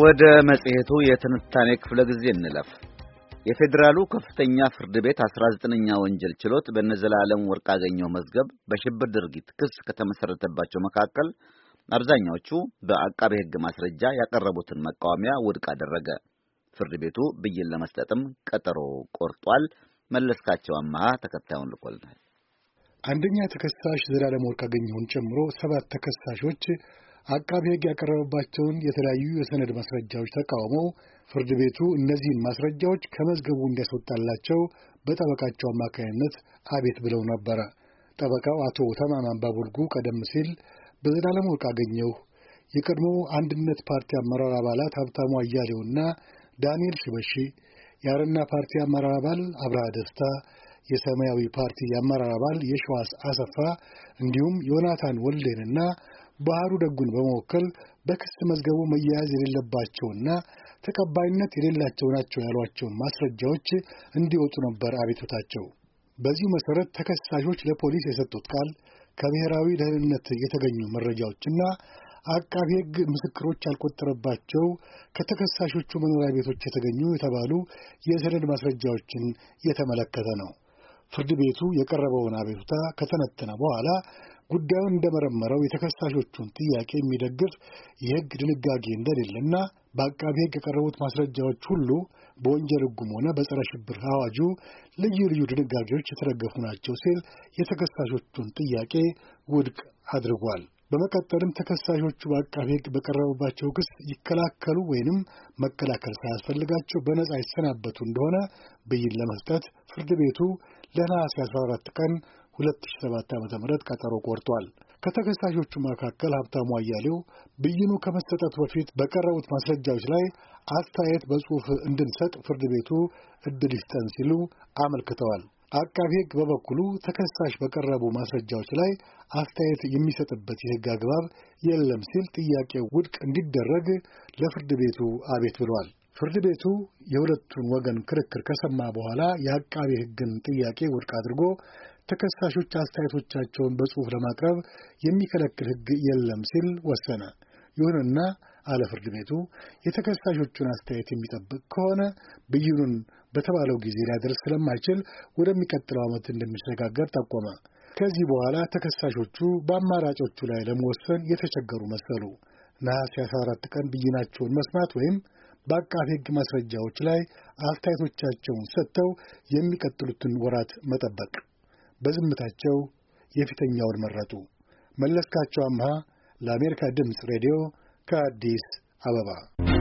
ወደ መጽሔቱ የትንታኔ ክፍለ ጊዜ እንለፍ። የፌዴራሉ ከፍተኛ ፍርድ ቤት 19ኛ ወንጀል ችሎት በነዘላለም ወርቅአገኘሁ መዝገብ በሽብር ድርጊት ክስ ከተመሰረተባቸው መካከል አብዛኛዎቹ በአቃቤ ሕግ ማስረጃ ያቀረቡትን መቃወሚያ ውድቅ አደረገ። ፍርድ ቤቱ ብይን ለመስጠትም ቀጠሮ ቆርጧል። መለስካቸው አማሃ ተከታዩን ልኮልናል። አንደኛ ተከሳሽ ዘላለም ወርቅ አገኘውን ጨምሮ ሰባት ተከሳሾች አቃቢ ሕግ ያቀረበባቸውን የተለያዩ የሰነድ ማስረጃዎች ተቃውመው ፍርድ ቤቱ እነዚህን ማስረጃዎች ከመዝገቡ እንዲያስወጣላቸው በጠበቃቸው አማካኝነት አቤት ብለው ነበረ። ጠበቃው አቶ ተማማንባ ቡልጉ ቀደም ሲል በዘላለም ወርቅ አገኘሁ፣ የቀድሞ አንድነት ፓርቲ አመራር አባላት ሀብታሙ አያሌውና ዳንኤል ሽበሺ፣ የአረና ፓርቲ አመራር አባል አብርሃ ደስታ፣ የሰማያዊ ፓርቲ የአመራር አባል የሸዋስ አሰፋ እንዲሁም ዮናታን ወልዴንና ባህሩ ደጉን በመወከል በክስ መዝገቡ መያያዝ የሌለባቸውና ተቀባይነት የሌላቸው ናቸው ያሏቸውን ማስረጃዎች እንዲወጡ ነበር አቤቱታቸው። በዚሁ መሠረት ተከሳሾች ለፖሊስ የሰጡት ቃል ከብሔራዊ ደህንነት የተገኙ መረጃዎችና አቃቤ ሕግ ምስክሮች ያልቆጠረባቸው ከተከሳሾቹ መኖሪያ ቤቶች የተገኙ የተባሉ የሰነድ ማስረጃዎችን እየተመለከተ ነው። ፍርድ ቤቱ የቀረበውን አቤቱታ ከተነተነ በኋላ ጉዳዩን እንደመረመረው የተከሳሾቹን ጥያቄ የሚደግፍ የሕግ ድንጋጌ እንደሌለና በአቃቢ ሕግ የቀረቡት ማስረጃዎች ሁሉ በወንጀል ሕጉም ሆነ በጸረ ሽብር አዋጁ ልዩ ልዩ ድንጋጌዎች የተደገፉ ናቸው ሲል የተከሳሾቹን ጥያቄ ውድቅ አድርጓል። በመቀጠልም ተከሳሾቹ በአቃቢ ሕግ በቀረበባቸው ክስ ይከላከሉ ወይንም መከላከል ሳያስፈልጋቸው በነፃ ይሰናበቱ እንደሆነ ብይን ለመስጠት ፍርድ ቤቱ ለነሐሴ 14 ቀን 2007 ዓ ም ቀጠሮ ቆርጧል። ከተከሳሾቹ መካከል ሀብታሙ አያሌው ብይኑ ከመሰጠት በፊት በቀረቡት ማስረጃዎች ላይ አስተያየት በጽሑፍ እንድንሰጥ ፍርድ ቤቱ እድል ይስጠን ሲሉ አመልክተዋል። አቃቢ ሕግ በበኩሉ ተከሳሽ በቀረቡ ማስረጃዎች ላይ አስተያየት የሚሰጥበት የሕግ አግባብ የለም ሲል ጥያቄው ውድቅ እንዲደረግ ለፍርድ ቤቱ አቤት ብሏል። ፍርድ ቤቱ የሁለቱን ወገን ክርክር ከሰማ በኋላ የአቃቢ ሕግን ጥያቄ ውድቅ አድርጎ ተከሳሾች አስተያየቶቻቸውን በጽሑፍ ለማቅረብ የሚከለክል ሕግ የለም ሲል ወሰነ። ይሁንና አለ ፍርድ ቤቱ የተከሳሾቹን አስተያየት የሚጠብቅ ከሆነ ብይኑን በተባለው ጊዜ ሊያደርስ ስለማይችል ወደሚቀጥለው ዓመት እንደሚሸጋገር ጠቆመ። ከዚህ በኋላ ተከሳሾቹ በአማራጮቹ ላይ ለመወሰን የተቸገሩ መሰሉ። ነሐሴ 14 ቀን ብይናቸውን መስማት ወይም በአቃፊ ሕግ ማስረጃዎች ላይ አስተያየቶቻቸውን ሰጥተው የሚቀጥሉትን ወራት መጠበቅ በዝምታቸው የፊተኛውን መረጡ። መለስካቸው አምሃ ለአሜሪካ ድምፅ ሬዲዮ ከአዲስ አበባ